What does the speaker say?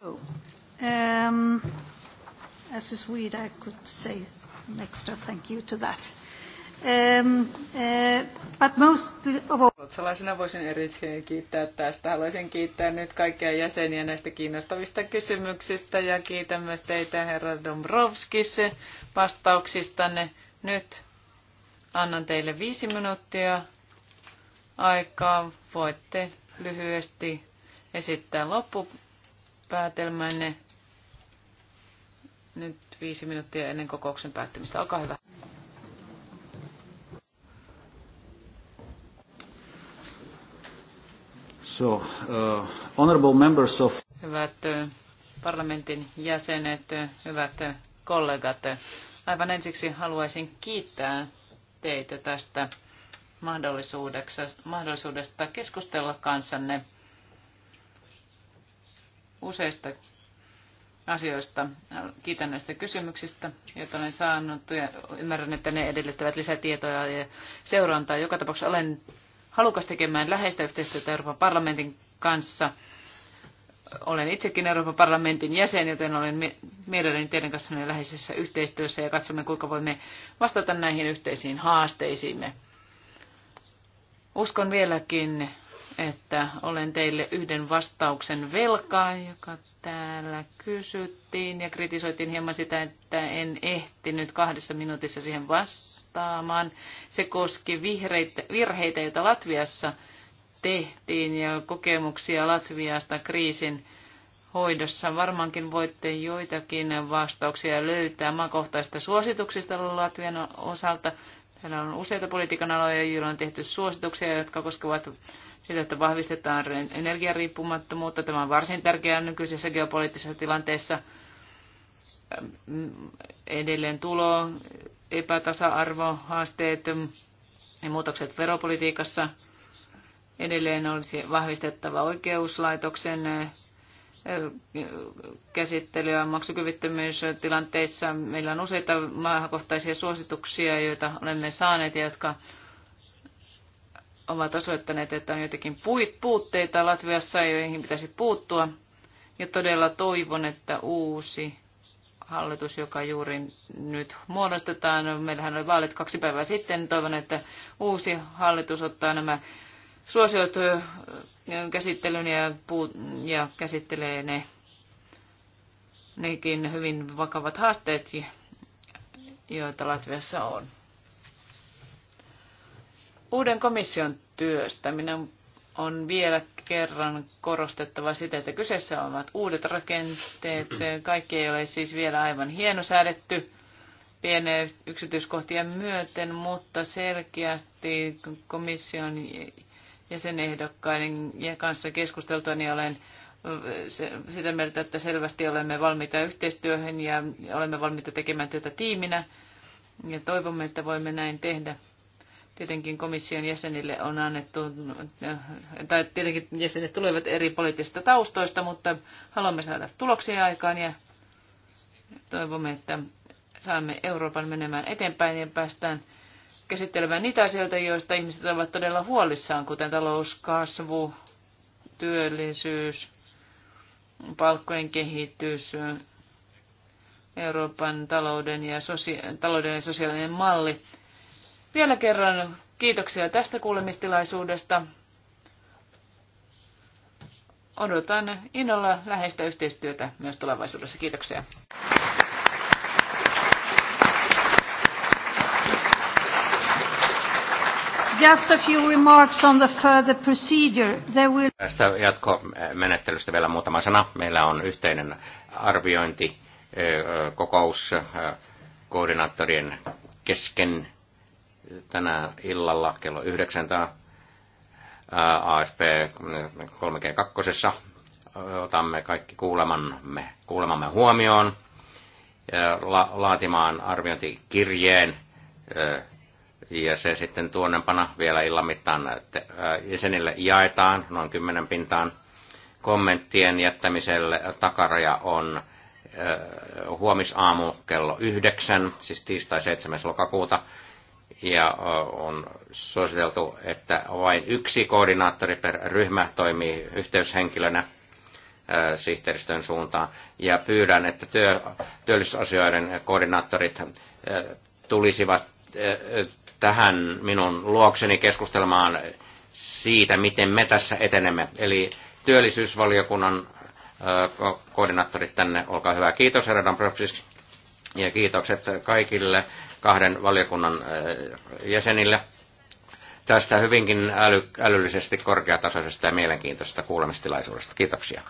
Oh. Um, as a Swede, I could say an extra thank you to that. Um, uh, but most of all... Ruotsalaisena voisin erityisesti kiittää tästä. Haluaisin kiittää nyt kaikkia jäseniä näistä kiinnostavista kysymyksistä ja kiitän myös teitä, herra Dombrovskis, vastauksistanne. Nyt annan teille viisi minuuttia aikaa. Voitte lyhyesti esittää loppu päätelmänne nyt viisi minuuttia ennen kokouksen päättymistä. Olkaa hyvä. So, uh, honorable members of... Hyvät uh, parlamentin jäsenet, uh, hyvät uh, kollegat, aivan ensiksi haluaisin kiittää teitä tästä mahdollisuudesta keskustella kanssanne useista asioista. Kiitän näistä kysymyksistä, joita olen saanut ja ymmärrän, että ne edellyttävät lisätietoja ja seurantaa. Joka tapauksessa olen halukas tekemään läheistä yhteistyötä Euroopan parlamentin kanssa. Olen itsekin Euroopan parlamentin jäsen, joten olen mielelläni teidän kanssanne läheisessä yhteistyössä ja katsomme, kuinka voimme vastata näihin yhteisiin haasteisiimme. Uskon vieläkin että olen teille yhden vastauksen velkaa, joka täällä kysyttiin ja kritisoitiin hieman sitä, että en ehtinyt kahdessa minuutissa siihen vastaamaan. Se koski vihreitä, virheitä, joita Latviassa tehtiin ja kokemuksia Latviasta kriisin hoidossa. Varmaankin voitte joitakin vastauksia löytää maakohtaista suosituksista Latvian osalta. Täällä on useita politiikan aloja, joilla on tehty suosituksia, jotka koskevat sitä, että vahvistetaan energiariippumattomuutta. Tämä on varsin tärkeää nykyisessä geopoliittisessa tilanteessa. Edelleen tulo, epätasa-arvo, haasteet ja muutokset veropolitiikassa. Edelleen olisi vahvistettava oikeuslaitoksen käsittelyä maksukyvyttömyystilanteissa. Meillä on useita maahankohtaisia suosituksia, joita olemme saaneet ja jotka ovat osoittaneet, että on joitakin puutteita Latviassa, joihin pitäisi puuttua. Ja todella toivon, että uusi hallitus, joka juuri nyt muodostetaan, meillähän oli vaalit kaksi päivää sitten, toivon, että uusi hallitus ottaa nämä suosiot käsittelyn ja, puu, ja käsittelee ne, nekin hyvin vakavat haasteet, joita Latviassa on. Uuden komission työstäminen on vielä kerran korostettava sitä, että kyseessä ovat uudet rakenteet. Kaikki ei ole siis vielä aivan hienosäädetty pieneen yksityiskohtia myöten, mutta selkeästi komission jäsenehdokkaiden ja kanssa keskusteltua, niin olen sitä mieltä, että selvästi olemme valmiita yhteistyöhön ja olemme valmiita tekemään työtä tiiminä. Ja toivomme, että voimme näin tehdä. Tietenkin komission jäsenille on annettu, tai tietenkin jäsenet tulevat eri poliittisista taustoista, mutta haluamme saada tuloksia aikaan ja toivomme, että saamme Euroopan menemään eteenpäin ja päästään käsittelemään niitä asioita, joista ihmiset ovat todella huolissaan, kuten talouskasvu, työllisyys, palkkojen kehitys, Euroopan talouden ja, sosia- talouden ja sosiaalinen malli. Vielä kerran kiitoksia tästä kuulemistilaisuudesta. Odotan innolla läheistä yhteistyötä myös tulevaisuudessa. Kiitoksia. Just a few remarks on the further procedure. There will... Tästä jatkomenettelystä vielä muutama sana. Meillä on yhteinen arviointi kokous koordinaattorien kesken tänään illalla kello 9:00 ASP 3G2. Otamme kaikki kuulemamme, kuulemamme huomioon ja la, laatimaan arviointikirjeen ja se sitten tuonnepana vielä illan mittaan että jäsenille jaetaan noin kymmenen pintaan. Kommenttien jättämiselle takaraja on huomisaamu kello yhdeksän, siis tiistai 7. lokakuuta. Ja on suositeltu, että vain yksi koordinaattori per ryhmä toimii yhteyshenkilönä sihteeristön suuntaan. Ja pyydän, että työ, työllisyysasioiden koordinaattorit tulisivat tähän minun luokseni keskustelemaan siitä, miten me tässä etenemme. Eli työllisyysvaliokunnan koordinaattorit tänne, olkaa hyvä. Kiitos herra Dombrovskis ja kiitokset kaikille kahden valiokunnan jäsenille tästä hyvinkin äly, älyllisesti korkeatasoisesta ja mielenkiintoisesta kuulemistilaisuudesta. Kiitoksia.